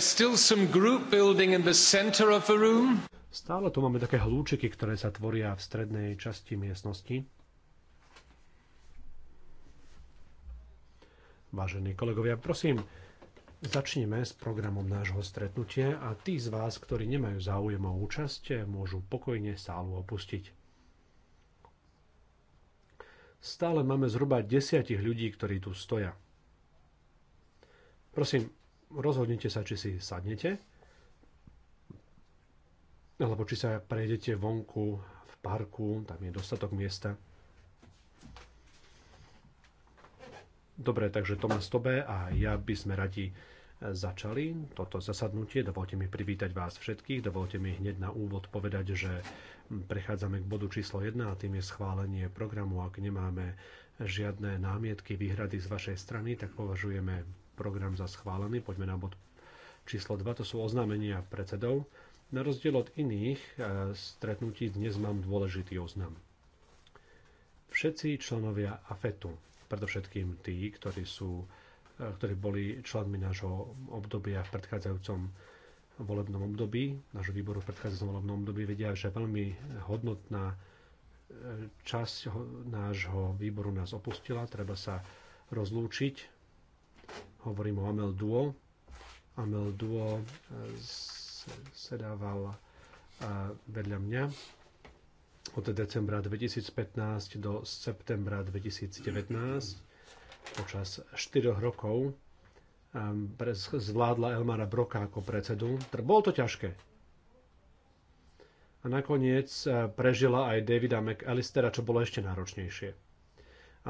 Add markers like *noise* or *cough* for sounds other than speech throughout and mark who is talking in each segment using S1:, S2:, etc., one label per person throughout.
S1: Stále tu máme také hlúčiky, ktoré sa tvoria v strednej časti miestnosti. Vážení kolegovia, prosím, začneme s programom nášho stretnutia a tí z vás, ktorí nemajú záujem o účasť, môžu pokojne sálu opustiť. Stále máme zhruba desiatich ľudí, ktorí tu stoja. Prosím, rozhodnite sa, či si sadnete, alebo či sa prejdete vonku v parku, tam je dostatok miesta. Dobre, takže Tomas Tobe a ja by sme radi začali toto zasadnutie. Dovolte mi privítať vás všetkých. Dovolte mi hneď na úvod povedať, že prechádzame k bodu číslo 1 a tým je schválenie programu. Ak nemáme žiadne námietky, výhrady z vašej strany, tak považujeme program za schválený. Poďme na bod číslo 2, to sú oznámenia predsedov. Na rozdiel od iných e, stretnutí dnes mám dôležitý oznam. Všetci členovia AFETu, predovšetkým tí, ktorí, sú, e, ktorí boli členmi nášho obdobia v predchádzajúcom volebnom období, nášho výboru v predchádzajúcom volebnom období vedia, že veľmi hodnotná e, časť nášho výboru nás opustila, treba sa rozlúčiť Hovorím o Amel Duo. Amel Duo eh, sedával eh, vedľa mňa od decembra 2015 do septembra 2019 počas 4 rokov ehm, zvládla Elmara Broka ako predsedu. Bolo to ťažké. A nakoniec eh, prežila aj Davida McAllistera, čo bolo ešte náročnejšie.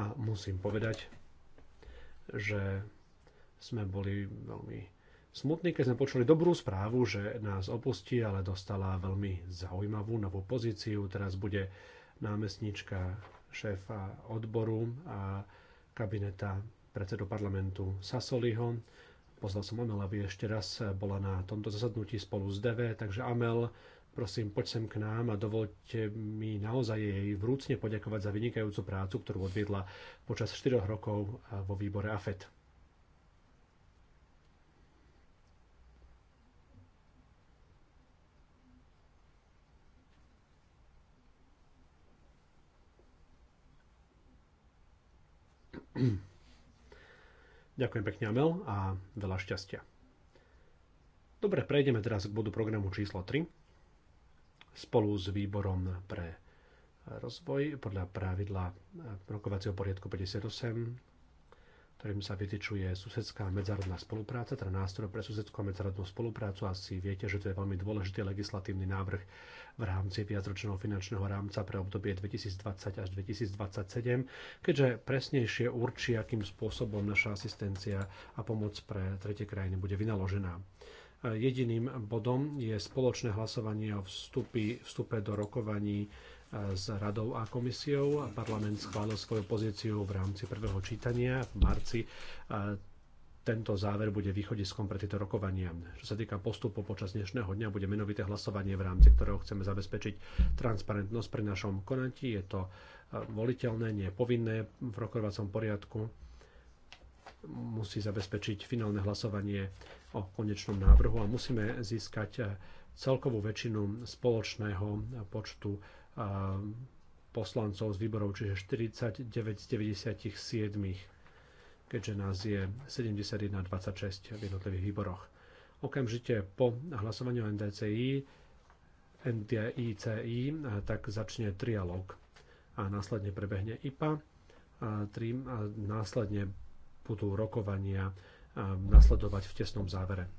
S1: A musím povedať, že sme boli veľmi smutní, keď sme počuli dobrú správu, že nás opustí, ale dostala veľmi zaujímavú novú pozíciu. Teraz bude námestnička šéfa odboru a kabineta predsedu parlamentu Sasoliho. Pozval som Amel, aby ešte raz bola na tomto zasadnutí spolu s DV, takže Amel, prosím, poď sem k nám a dovolte mi naozaj jej vrúcne poďakovať za vynikajúcu prácu, ktorú odviedla počas 4 rokov vo výbore AFET. *clears throat* Ďakujem pekne, Amel, a veľa šťastia. Dobre, prejdeme teraz k bodu programu číslo 3 spolu s výborom pre rozvoj podľa pravidla rokovacieho poriadku 58 ktorým sa vytýčuje susedská medzárodná spolupráca, teda nástroj pre susedskú a medzárodnú spoluprácu. Asi viete, že to je veľmi dôležitý legislatívny návrh v rámci viacročného finančného rámca pre obdobie 2020 až 2027, keďže presnejšie určí, akým spôsobom naša asistencia a pomoc pre tretie krajiny bude vynaložená. Jediným bodom je spoločné hlasovanie o vstupy, vstupe do rokovaní s radou a komisiou. a Parlament schválil svoju pozíciu v rámci prvého čítania v marci tento záver bude východiskom pre tieto rokovania. Čo sa týka postupu počas dnešného dňa, bude menovité hlasovanie, v rámci ktorého chceme zabezpečiť transparentnosť pri našom konanti. Je to e, voliteľné, nie povinné v rokovacom poriadku. Musí zabezpečiť finálne hlasovanie o konečnom návrhu a musíme získať e, celkovú väčšinu spoločného počtu poslancov z výborov, čiže 49 z 97, keďže nás je 71,26 v jednotlivých výboroch. Okamžite po hlasovaniu NDCI, NDICI, tak začne trialóg a následne prebehne IPA, a, tri, a následne budú rokovania nasledovať v tesnom závere.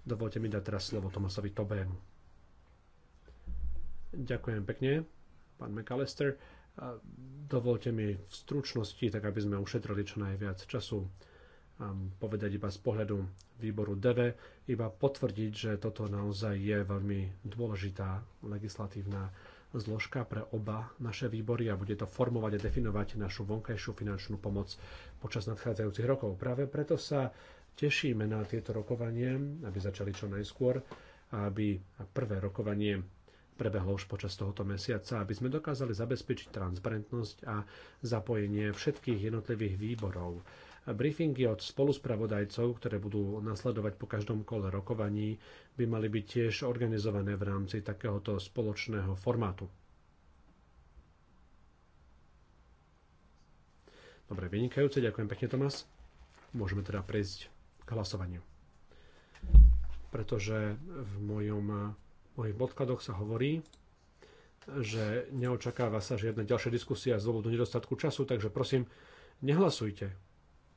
S1: Dovolte mi dať teraz slovo Tomasovi Tobému. Ďakujem pekne, pán McAllister. Dovolte mi v stručnosti, tak aby sme ušetrili čo najviac času, povedať iba z pohľadu výboru DV, iba potvrdiť, že toto naozaj je veľmi dôležitá legislatívna zložka pre oba naše výbory a bude to formovať a definovať našu vonkajšiu finančnú pomoc počas nadchádzajúcich rokov. Práve preto sa tešíme na tieto rokovanie, aby začali čo najskôr aby prvé rokovanie prebehlo už počas tohoto mesiaca, aby sme dokázali zabezpečiť transparentnosť a zapojenie všetkých jednotlivých výborov. Briefingy od spoluspravodajcov, ktoré budú nasledovať po každom kole rokovaní, by mali byť tiež organizované v rámci takéhoto spoločného formátu. Dobre, vynikajúce, ďakujem pekne Tomás. Môžeme teda prejsť k hlasovaniu. Pretože v mojom mojich podkladoch sa hovorí, že neočakáva sa žiadna ďalšia diskusia z dôvodu nedostatku času, takže prosím, nehlasujte.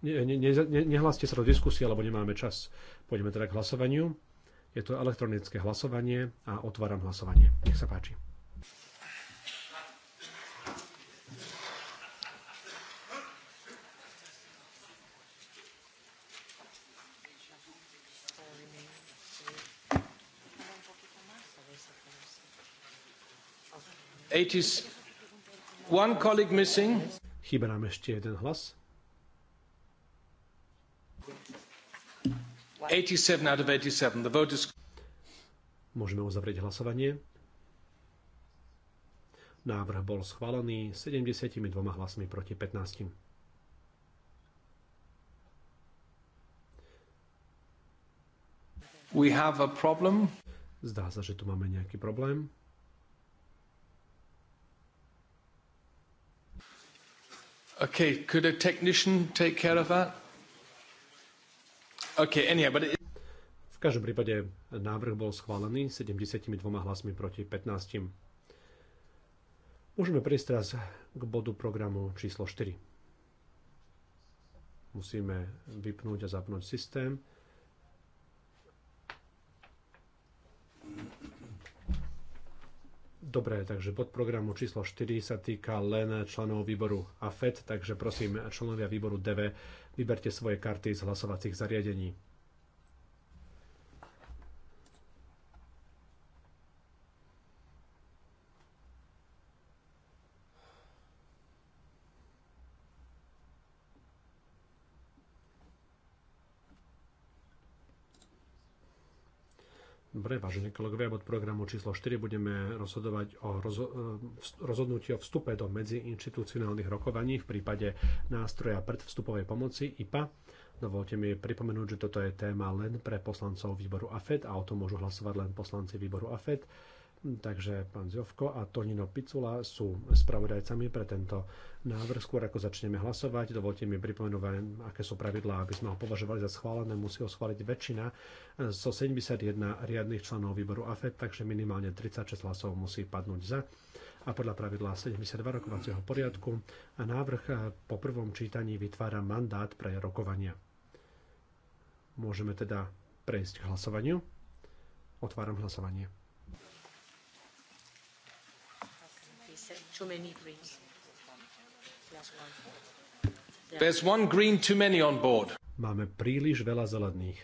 S1: Ne, ne, ne, nehlaste sa do diskusie, lebo nemáme čas. Poďme teda k hlasovaniu. Je to elektronické hlasovanie a otváram hlasovanie. Nech sa páči. Chýba nám ešte jeden hlas. 87 out of 87. is... Môžeme uzavrieť hlasovanie. Návrh bol schválený 72 hlasmi proti 15. We have a problem. Zdá sa, že tu máme nejaký problém. Okay, could a technician take care of that? Okay, anyhow, but it... V každom prípade návrh bol schválený 72 hlasmi proti 15. Môžeme prejsť teraz k bodu programu číslo 4. Musíme vypnúť a zapnúť systém. Dobre, takže pod programu číslo 4 sa týka len členov výboru AFED, takže prosím členovia výboru DV, vyberte svoje karty z hlasovacích zariadení. Dobre, vážení kolegovia, od programu číslo 4 budeme rozhodovať o rozho- eh, rozhodnutí o vstupe do medziinštitucionálnych rokovaní v prípade nástroja predvstupovej pomoci IPA. Dovolte mi pripomenúť, že toto je téma len pre poslancov výboru AFED a o tom môžu hlasovať len poslanci výboru AFED. Takže pán Zovko a Tonino Picula sú spravodajcami pre tento návrh. Skôr ako začneme hlasovať, dovolte mi pripomenúť, aké sú pravidlá, aby sme ho považovali za schválené. Musí ho schváliť väčšina zo so 71 riadnych členov výboru AFED, takže minimálne 36 hlasov musí padnúť za a podľa pravidla 72 rokovacieho poriadku a návrh po prvom čítaní vytvára mandát pre rokovania. Môžeme teda prejsť k hlasovaniu. Otváram hlasovanie. too many greens.
S2: There's one green
S1: too many on board. Máme príliš veľa zelených.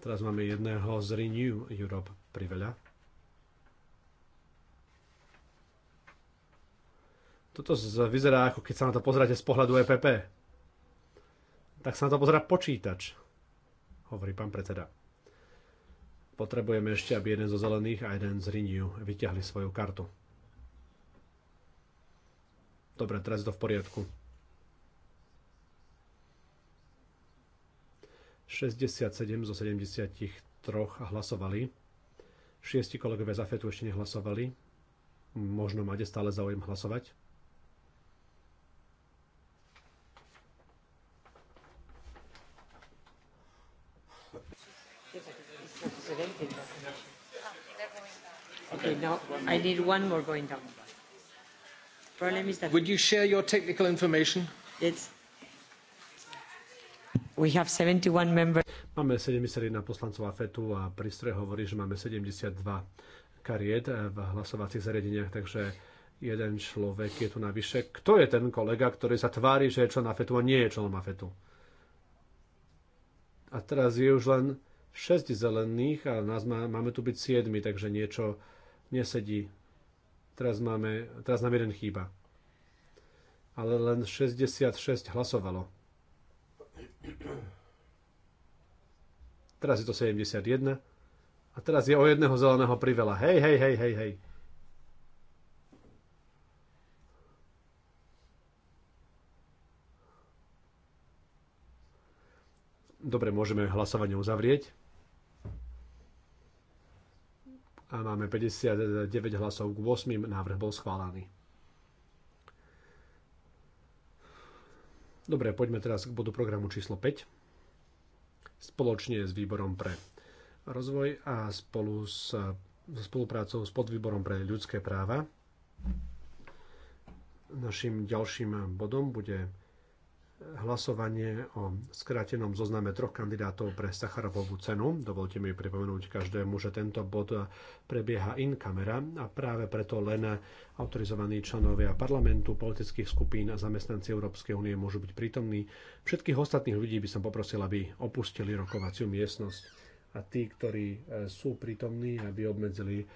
S1: Teraz máme jedného z Renew Europe priveľa. Toto vyzerá ako keď sa na to pozeráte z pohľadu EPP. Tak sa na to pozerá počítač, hovorí pán predseda. Potrebujeme ešte, aby jeden zo zelených a jeden z Renew vyťahli svoju kartu. Dobre, teraz je to v poriadku. 67 zo 73 hlasovali. Šiesti kolegovia za FETu ešte nehlasovali. Možno máte stále záujem hlasovať. I need one more going down. Problem is that Would you share your technical information? It's We have 71 members. Máme 71 poslancov a fetu a prístroj hovorí, že máme 72 kariet v hlasovacích zariadeniach, takže jeden človek je tu navyše. Kto je ten kolega, ktorý sa tvári, že je člen AFETu a nie je členom AFETu? A teraz je už len 6 zelených a nás má, máme tu byť 7, takže niečo nesedí. Teraz, máme, teraz nám jeden chýba. Ale len 66 hlasovalo. Teraz je to 71. A teraz je o jedného zeleného priveľa. Hej, hej, hej, hej, hej. Dobre, môžeme hlasovanie uzavrieť a máme 59 hlasov k 8. Návrh bol schválený. Dobre, poďme teraz k bodu programu číslo 5. Spoločne s výborom pre rozvoj a spolu s spoluprácou s podvýborom pre ľudské práva. Našim ďalším bodom bude hlasovanie o skratenom zozname troch kandidátov pre Sacharovovú cenu. Dovolte mi pripomenúť každému, že tento bod prebieha in kamera. a práve preto len autorizovaní členovia parlamentu, politických skupín a zamestnanci Európskej únie môžu byť prítomní. Všetkých ostatných ľudí by som poprosil, aby opustili rokovaciu miestnosť a tí, ktorí e, sú prítomní, aby obmedzili